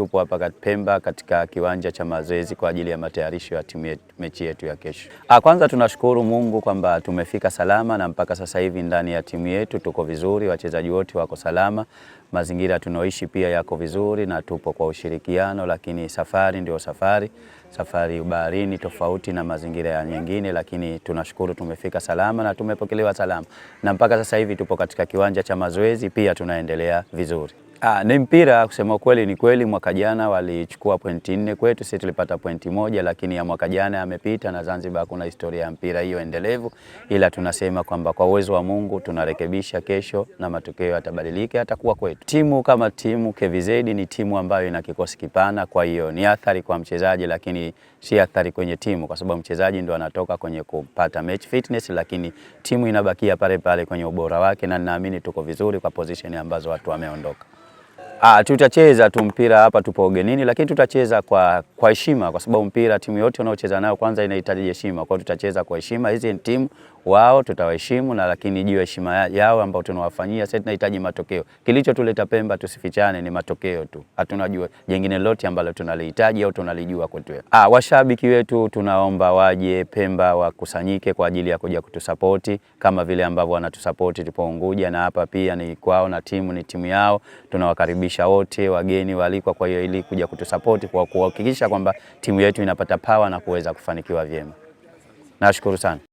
tupo hapa Pemba katika kiwanja cha mazoezi kwa ajili ya matayarisho ya timu yetu, mechi yetu ya kesho. Ah, kwanza tunashukuru Mungu kwamba tumefika salama na mpaka sasa hivi ndani ya timu yetu tuko vizuri, wachezaji wote wako salama, mazingira tunaoishi pia yako vizuri na tupo kwa ushirikiano, lakini safari ndio safari. Safari baharini tofauti na mazingira ya nyingine, lakini tunashukuru tumefika salama na tumepokelewa salama, na mpaka sasa hivi tupo katika kiwanja cha mazoezi pia tunaendelea vizuri. Ah, ni mpira kusema kweli, ni kweli mwaka jana walichukua pointi nne kwetu, sisi tulipata pointi moja, lakini ya mwaka jana yamepita, na Zanzibar kuna historia ya mpira hiyo endelevu, ila tunasema kwamba kwa uwezo wa Mungu tunarekebisha kesho na matokeo yatabadilika, yatakuwa kwetu. Timu kama timu KVZ ni timu ambayo ina kikosi kipana, kwa hiyo ni athari kwa mchezaji, lakini si athari kwenye timu, kwa sababu mchezaji ndo anatoka kwenye kupata match fitness, lakini timu inabakia pale pale kwenye ubora wake, na ninaamini tuko vizuri kwa position ambazo watu wameondoka. Ah, tutacheza tu mpira hapa, tupo ugenini, lakini tutacheza kwa kwa heshima, kwa sababu mpira timu yote unaocheza nayo kwanza inahitaji heshima. Kwa hiyo tutacheza kwa heshima, hizi ni timu wao, tutawaheshimu na lakini juu ya heshima yao ambao tunawafanyia sasa, tunahitaji matokeo. Kilichotuleta Pemba, tusifichane, ni matokeo tu, hatunajua jingine lolote ambalo tunalihitaji au tunalijua kwetu. Ah, washabiki wetu tunaomba waje Pemba, wakusanyike kwa ajili ya kuja kutusapoti kama vile ambavyo wanatusapoti tupo Unguja, na hapa pia ni kwao na timu ni timu yao, tunawakaribisha kuwakaribisha wote wageni walikwa, kwa hiyo ili kuja kutusapoti kwa kuhakikisha kwamba timu yetu inapata pawa na kuweza kufanikiwa vyema. Nashukuru sana.